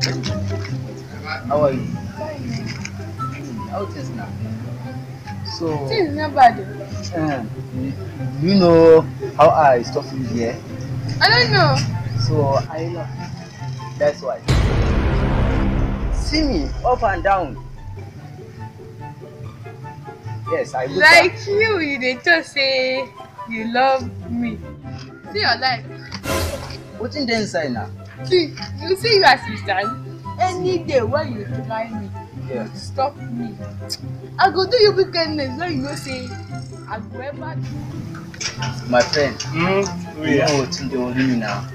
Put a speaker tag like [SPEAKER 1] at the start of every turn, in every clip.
[SPEAKER 1] How are you? How things now? So things not bad. Uh, do you know how I stop you here? I don't know. So I know. That's why. See me up and down. Yes, I would. Like that. you, you dey talk say you love me. See your life. Wetin dey inside now? See, you see you assistant. Any day when you try me, yeah. stop me. I go do your wickedness when you know say I go ever do. My friend, mm? yeah. you know what they only me now.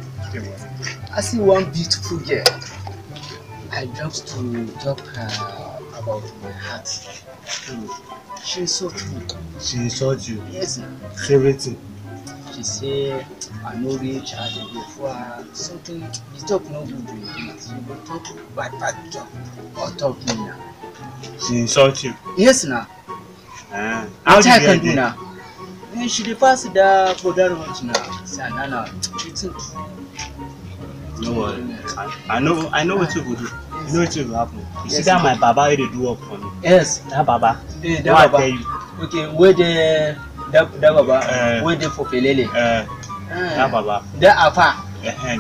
[SPEAKER 1] I see one beautiful girl. I just to talk uh, about my heart. Mm. She insult me. She insult you? Yes. Say everything she say i no reach i dey go for her something the talk no good with me she go talk bad bad talk or talk me na. she insult you. yes na. Uh, how did you do na. she dey pass that border road na say ah, na na wetin. no worry i know i know wetin go do you know wetin go happen you yes, see that my baba wey dey do work for me. yes that baba. Yeah, that baba wey i tell you. okay wey dey daba Baba, eh. wey dey for pelele eh. eh. daba ba da afa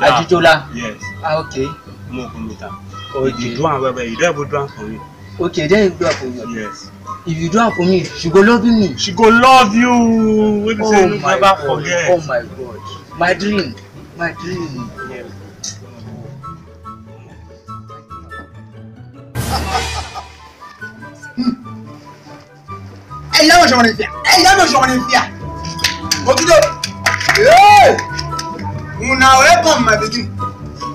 [SPEAKER 1] ajijola yes ah okay mo go meet am okay you do am well well you don ever do am for me okay then you do am for me yes if you do am for me she go love me she go love you wey be say oh you never god. forget oh my god my dream my dream. Yeah. Andiamo Giovanettia, andiamo Giovanettia. Occhio. Eh! Una ore con me begin.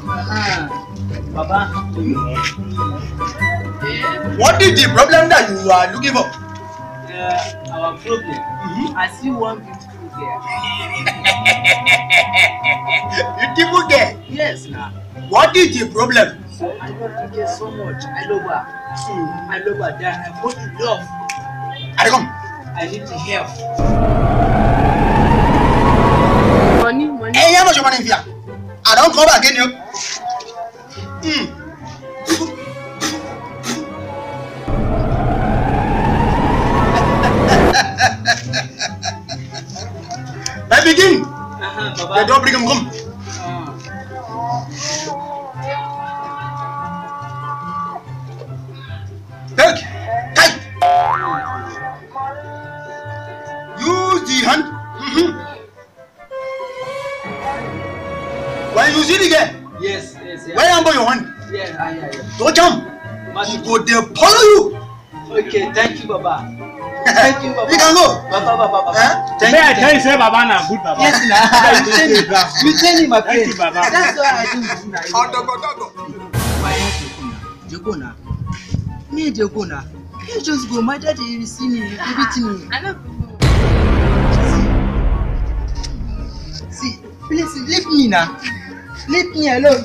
[SPEAKER 1] Ah. Baba. What is the problem that you are looking for? Uh, our problem. Mm-hmm. I see one beautiful girl. beautiful girl? Yes, now. Nah. What is the problem? So I love the girl so much. I love her. Mm. I love her. That I want in love. I I need the help. Money, money. Hey, how much money here? I don't come again, you. Hmm. begin. Uh-huh, Baba. The door bring him come. number you want. Yeah, yeah, yeah. Don't jump. Master. Go there, follow you. Okay, thank you, Baba. Thank you, Baba. You can go. Baba, Baba, Baba. Eh? Thank May you, I tell you, say Baba, now good Baba. Yes, na. you tell me, you tell him, my friend. Thank you, Baba. That's why I do. Odogo, odogo. Why you go now? Me, you go now. You just go. My daddy will see me. Everything. Ah, I love you. See, please leave me now. Leave me alone.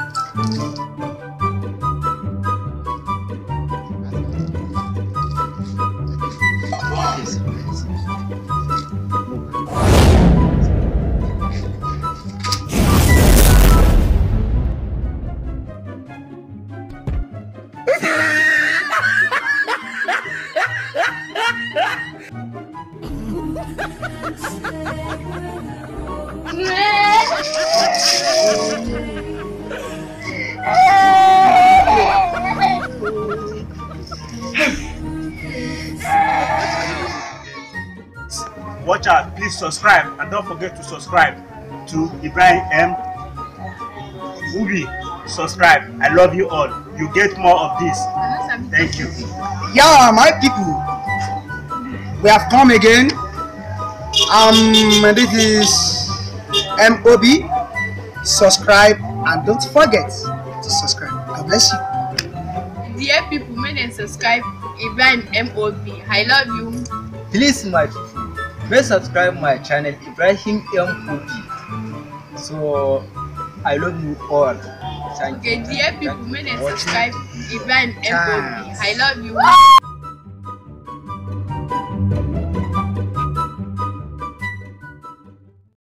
[SPEAKER 1] Watch out, please subscribe and don't forget to subscribe to Ibrahim M. Ubi. Subscribe. I love you all. You get more of this. Thank you. Yeah, my people. We have come again. Um, this is MOB, subscribe, and don't forget to subscribe. God bless you. Dear people, may they subscribe Ibrahim MOB. I love you. Please, my people, may subscribe my channel Ibrahim MOB. So, I love you all. Thank okay, you. dear people, may they subscribe Ibrahim MOB. I love you.